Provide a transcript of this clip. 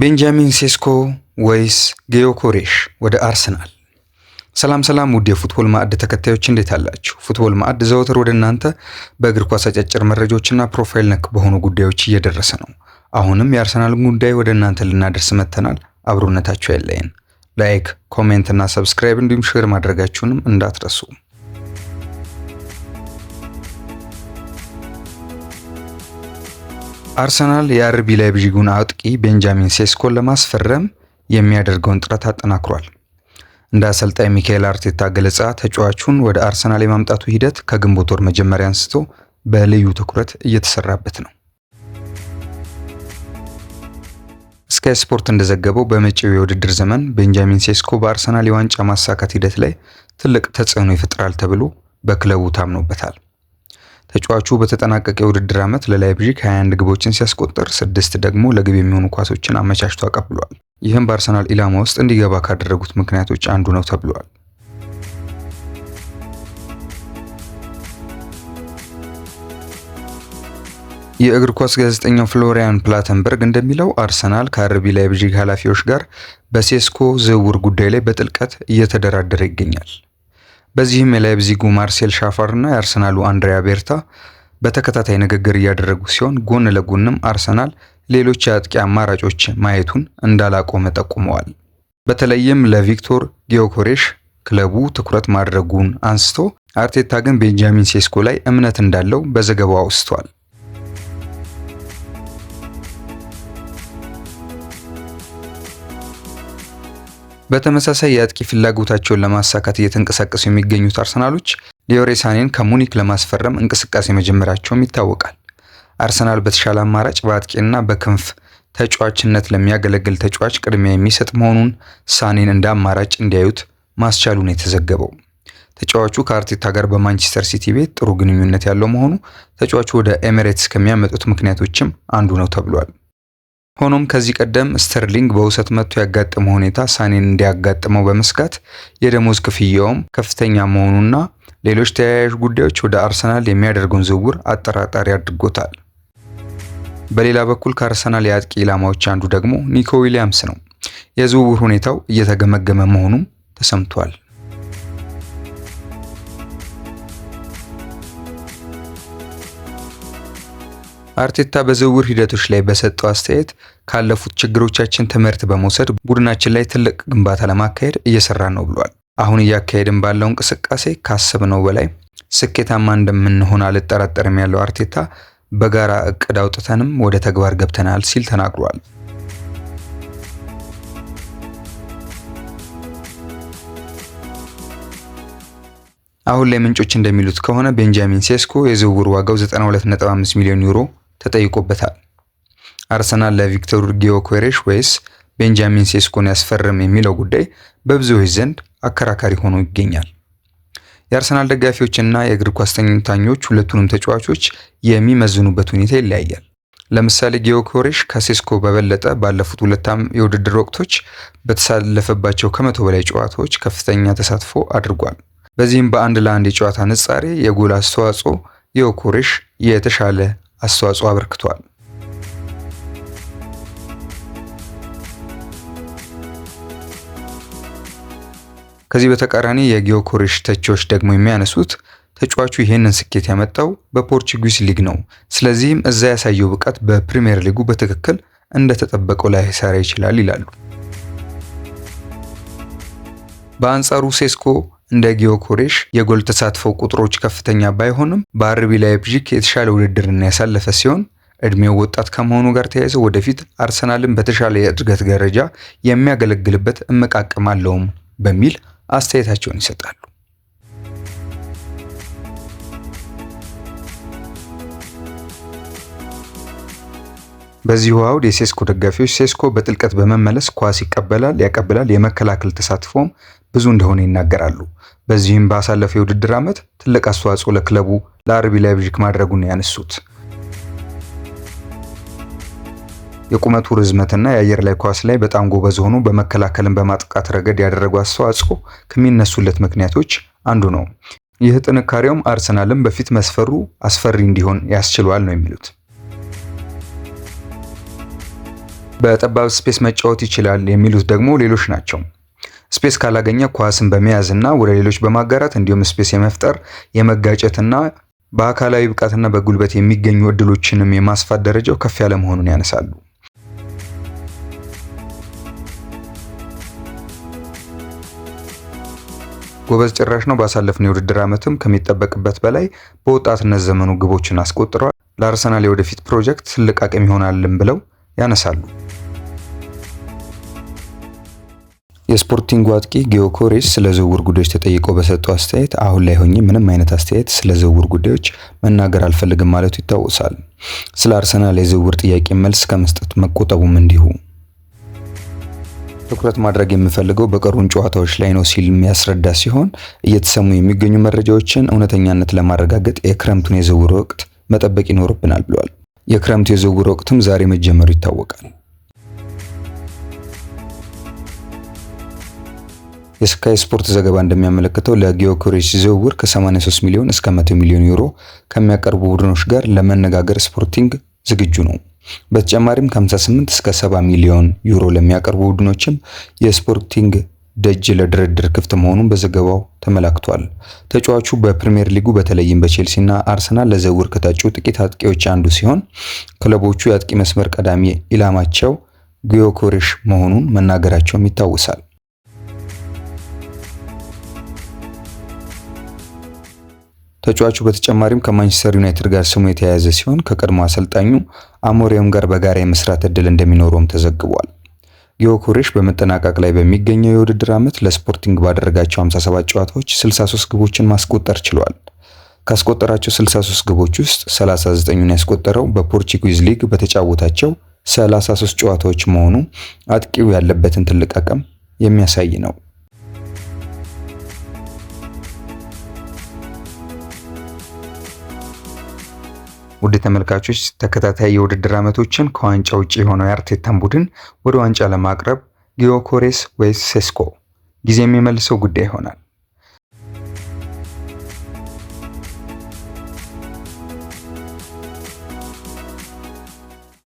ቤንጃሚን ሴስኮ ወይስ ጌዮኮሬሽ ወደ አርሰናል? ሰላም ሰላም ውድ የፉትቦል ማዕድ ተከታዮች እንዴት አላችሁ? ፉትቦል ማዕድ ዘወትር ወደ እናንተ በእግር ኳስ አጫጭር መረጃዎችና ፕሮፋይል ነክ በሆኑ ጉዳዮች እየደረሰ ነው። አሁንም የአርሰናልን ጉዳይ ወደ እናንተ ልናደርስ መጥተናል። አብሮነታችሁ አይለየን። ላይክ፣ ኮሜንት እና ሰብስክራይብ እንዲሁም ሼር ማድረጋችሁንም እንዳትረሱ። አርሰናል የአርቢ ላይፕዚጉን አጥቂ ቤንጃሚን ሴስኮን ለማስፈረም የሚያደርገውን ጥረት አጠናክሯል። እንደ አሰልጣኝ ሚካኤል አርቴታ ገለጻ ተጫዋቹን ወደ አርሰናል የማምጣቱ ሂደት ከግንቦት ወር መጀመሪያ አንስቶ በልዩ ትኩረት እየተሰራበት ነው። ስካይ ስፖርት እንደዘገበው በመጪው የውድድር ዘመን ቤንጃሚን ሴስኮ በአርሰናል የዋንጫ ማሳካት ሂደት ላይ ትልቅ ተጽዕኖ ይፈጥራል ተብሎ በክለቡ ታምኖበታል። ተጫዋቹ በተጠናቀቀ የውድድር ዓመት ለላይፕዚግ 21 ግቦችን ሲያስቆጥር ስድስት ደግሞ ለግብ የሚሆኑ ኳሶችን አመቻችቶ አቀብሏል። ይህም በአርሰናል ኢላማ ውስጥ እንዲገባ ካደረጉት ምክንያቶች አንዱ ነው ተብሏል። የእግር ኳስ ጋዜጠኛው ፍሎሪያን ፕላተንበርግ እንደሚለው አርሰናል ከአርቢ ላይፕዚግ ኃላፊዎች ጋር በሴስኮ ዝውውር ጉዳይ ላይ በጥልቀት እየተደራደረ ይገኛል። በዚህም የላይፕዚጉ ማርሴል ሻፈር እና የአርሰናሉ አንድሪያ ቤርታ በተከታታይ ንግግር እያደረጉ ሲሆን ጎን ለጎንም አርሰናል ሌሎች የአጥቂ አማራጮች ማየቱን እንዳላቆመ ጠቁመዋል። በተለይም ለቪክቶር ጊዮኮሬሽ ክለቡ ትኩረት ማድረጉን አንስቶ አርቴታ ግን ቤንጃሚን ሴስኮ ላይ እምነት እንዳለው በዘገባው አውስቷል። በተመሳሳይ የአጥቂ ፍላጎታቸውን ለማሳካት እየተንቀሳቀሱ የሚገኙት አርሰናሎች ሊዮሬ ሳኔን ከሙኒክ ለማስፈረም እንቅስቃሴ መጀመራቸውም ይታወቃል። አርሰናል በተሻለ አማራጭ በአጥቂና በክንፍ ተጫዋችነት ለሚያገለግል ተጫዋች ቅድሚያ የሚሰጥ መሆኑን ሳኔን እንደ አማራጭ እንዲያዩት ማስቻሉ ነው የተዘገበው። ተጫዋቹ ከአርቴታ ጋር በማንቸስተር ሲቲ ቤት ጥሩ ግንኙነት ያለው መሆኑ ተጫዋቹ ወደ ኤሚሬትስ ከሚያመጡት ምክንያቶችም አንዱ ነው ተብሏል። ሆኖም ከዚህ ቀደም ስተርሊንግ በውሰት መጥቶ ያጋጠመው ሁኔታ ሳኔን እንዲያጋጥመው በመስጋት የደሞዝ ክፍያውም ከፍተኛ መሆኑና ሌሎች ተያያዥ ጉዳዮች ወደ አርሰናል የሚያደርገውን ዝውውር አጠራጣሪ አድርጎታል። በሌላ በኩል ከአርሰናል የአጥቂ ኢላማዎች አንዱ ደግሞ ኒኮ ዊሊያምስ ነው። የዝውውር ሁኔታው እየተገመገመ መሆኑም ተሰምቷል። አርቴታ በዝውውር ሂደቶች ላይ በሰጠው አስተያየት ካለፉት ችግሮቻችን ትምህርት በመውሰድ ቡድናችን ላይ ትልቅ ግንባታ ለማካሄድ እየሰራ ነው ብሏል። አሁን እያካሄድን ባለው እንቅስቃሴ ካሰብነው በላይ ስኬታማ እንደምንሆን አልጠራጠርም ያለው አርቴታ በጋራ እቅድ አውጥተንም ወደ ተግባር ገብተናል ሲል ተናግሯል። አሁን ላይ ምንጮች እንደሚሉት ከሆነ ቤንጃሚን ሴስኮ የዝውውር ዋጋው 92.5 ሚሊዮን ዩሮ ተጠይቆበታል። አርሰናል ለቪክቶር ጊዮኮሬሽ ወይስ ቤንጃሚን ሴስኮን ያስፈርም የሚለው ጉዳይ በብዙዎች ዘንድ አከራካሪ ሆኖ ይገኛል። የአርሰናል ደጋፊዎችና የእግር ኳስ ተንታኞች ሁለቱንም ተጫዋቾች የሚመዝኑበት ሁኔታ ይለያያል። ለምሳሌ ጊዮኮሬሽ ከሴስኮ በበለጠ ባለፉት ሁለት የውድድር ወቅቶች በተሳለፈባቸው ከመቶ በላይ ጨዋታዎች ከፍተኛ ተሳትፎ አድርጓል። በዚህም በአንድ ለአንድ የጨዋታ ንጻሬ የጎል አስተዋጽኦ ጊዮኮሬሽ የተሻለ አስተዋጽኦ አበርክቷል። ከዚህ በተቃራኒ የጊዮኮሬሽ ተቺዎች ደግሞ የሚያነሱት ተጫዋቹ ይህንን ስኬት ያመጣው በፖርቹጊዝ ሊግ ነው። ስለዚህም እዛ ያሳየው ብቃት በፕሪምየር ሊጉ በትክክል እንደተጠበቀው ላይሰራ ይችላል ይላሉ። በአንጻሩ ሴስኮ እንደ ጊዮኮሬሽ የጎል ተሳትፎ ቁጥሮች ከፍተኛ ባይሆንም በአርቢ ላይፕዚግ የተሻለ ውድድርን ያሳለፈ ሲሆን እድሜው ወጣት ከመሆኑ ጋር ተያይዞ ወደፊት አርሰናልን በተሻለ የእድገት ደረጃ የሚያገለግልበት እምቅ አቅም አለውም በሚል አስተያየታቸውን ይሰጣሉ። በዚሁ አውድ የሴስኮ ደጋፊዎች ሴስኮ በጥልቀት በመመለስ ኳስ ይቀበላል፣ ያቀብላል፣ የመከላከል ተሳትፎም ብዙ እንደሆነ ይናገራሉ። በዚህም ባሳለፈው የውድድር ዓመት ትልቅ አስተዋጽኦ ለክለቡ ለአርቢ ላይፕዚግ ማድረጉን ያነሱት የቁመቱ ርዝመትና የአየር ላይ ኳስ ላይ በጣም ጎበዝ ሆኖ በመከላከልን በማጥቃት ረገድ ያደረገው አስተዋጽኦ ከሚነሱለት ምክንያቶች አንዱ ነው። ይህ ጥንካሬውም አርሰናልም በፊት መስፈሩ አስፈሪ እንዲሆን ያስችለዋል ነው የሚሉት። በጠባብ ስፔስ መጫወት ይችላል የሚሉት ደግሞ ሌሎች ናቸው። ስፔስ ካላገኘ ኳስን በመያዝና ወደ ሌሎች በማጋራት እንዲሁም ስፔስ የመፍጠር የመጋጨትና በአካላዊ ብቃትና በጉልበት የሚገኙ እድሎችንም የማስፋት ደረጃው ከፍ ያለ መሆኑን ያነሳሉ። ጎበዝ ጭራሽ ነው። ባሳለፍነው የውድድር ዓመትም ከሚጠበቅበት በላይ በወጣትነት ዘመኑ ግቦችን አስቆጥሯል። ለአርሰናል የወደፊት ፕሮጀክት ትልቅ አቅም ይሆናልን ብለው ያነሳሉ። የስፖርቲንግ አጥቂ ጊዮኮሬስ ስለ ዝውውር ጉዳዮች ተጠይቆ በሰጠው አስተያየት አሁን ላይ ሆኜ ምንም አይነት አስተያየት ስለ ዝውውር ጉዳዮች መናገር አልፈልግም ማለቱ ይታወሳል። ስለ አርሰናል የዝውውር ጥያቄ መልስ ከመስጠት መቆጠቡም እንዲሁ። ትኩረት ማድረግ የምፈልገው በቀሩን ጨዋታዎች ላይ ነው ሲል የሚያስረዳ ሲሆን እየተሰሙ የሚገኙ መረጃዎችን እውነተኛነት ለማረጋገጥ የክረምቱን የዝውውር ወቅት መጠበቅ ይኖርብናል ብሏል። የክረምቱ የዝውውር ወቅትም ዛሬ መጀመሩ ይታወቃል። የስካይ ስፖርት ዘገባ እንደሚያመለክተው ኩሬሽ ዝውውር ከ83 ሚሊዮን እስከ 100 ሚሊዮን ዩሮ ከሚያቀርቡ ቡድኖች ጋር ለመነጋገር ስፖርቲንግ ዝግጁ ነው። በተጨማሪም ከ58 እስከ 70 ሚሊዮን ዩሮ ለሚያቀርቡ ቡድኖችም የስፖርቲንግ ደጅ ለድርድር ክፍት መሆኑን በዘገባው ተመላክቷል። ተጫዋቹ በፕሪምየር ሊጉ በተለይም በቼልሲና አርሰናል ለዝውውር ከታጩ ጥቂት አጥቂዎች አንዱ ሲሆን ክለቦቹ የአጥቂ መስመር ቀዳሚ ኢላማቸው ጊዮኮሬሽ መሆኑን መናገራቸውም ይታወሳል። ተጫዋቹ በተጨማሪም ከማንቸስተር ዩናይትድ ጋር ስሙ የተያያዘ ሲሆን ከቀድሞ አሰልጣኙ አሞሪየም ጋር በጋራ የመስራት እድል እንደሚኖረውም ተዘግቧል። ጊዮ ኩሬሽ በመጠናቀቅ ላይ በሚገኘው የውድድር ዓመት ለስፖርቲንግ ባደረጋቸው 57 ጨዋታዎች 63 ግቦችን ማስቆጠር ችሏል። ካስቆጠራቸው 63 ግቦች ውስጥ 39ን ያስቆጠረው በፖርቹጊዝ ሊግ በተጫወታቸው 33 ጨዋታዎች መሆኑ አጥቂው ያለበትን ትልቅ አቅም የሚያሳይ ነው። ውድ ተመልካቾች ተከታታይ የውድድር ዓመቶችን ከዋንጫ ውጭ የሆነው የአርቴታን ቡድን ወደ ዋንጫ ለማቅረብ ጊዮኮሬስ ወይስ ሴስኮ ጊዜ የሚመልሰው ጉዳይ ይሆናል።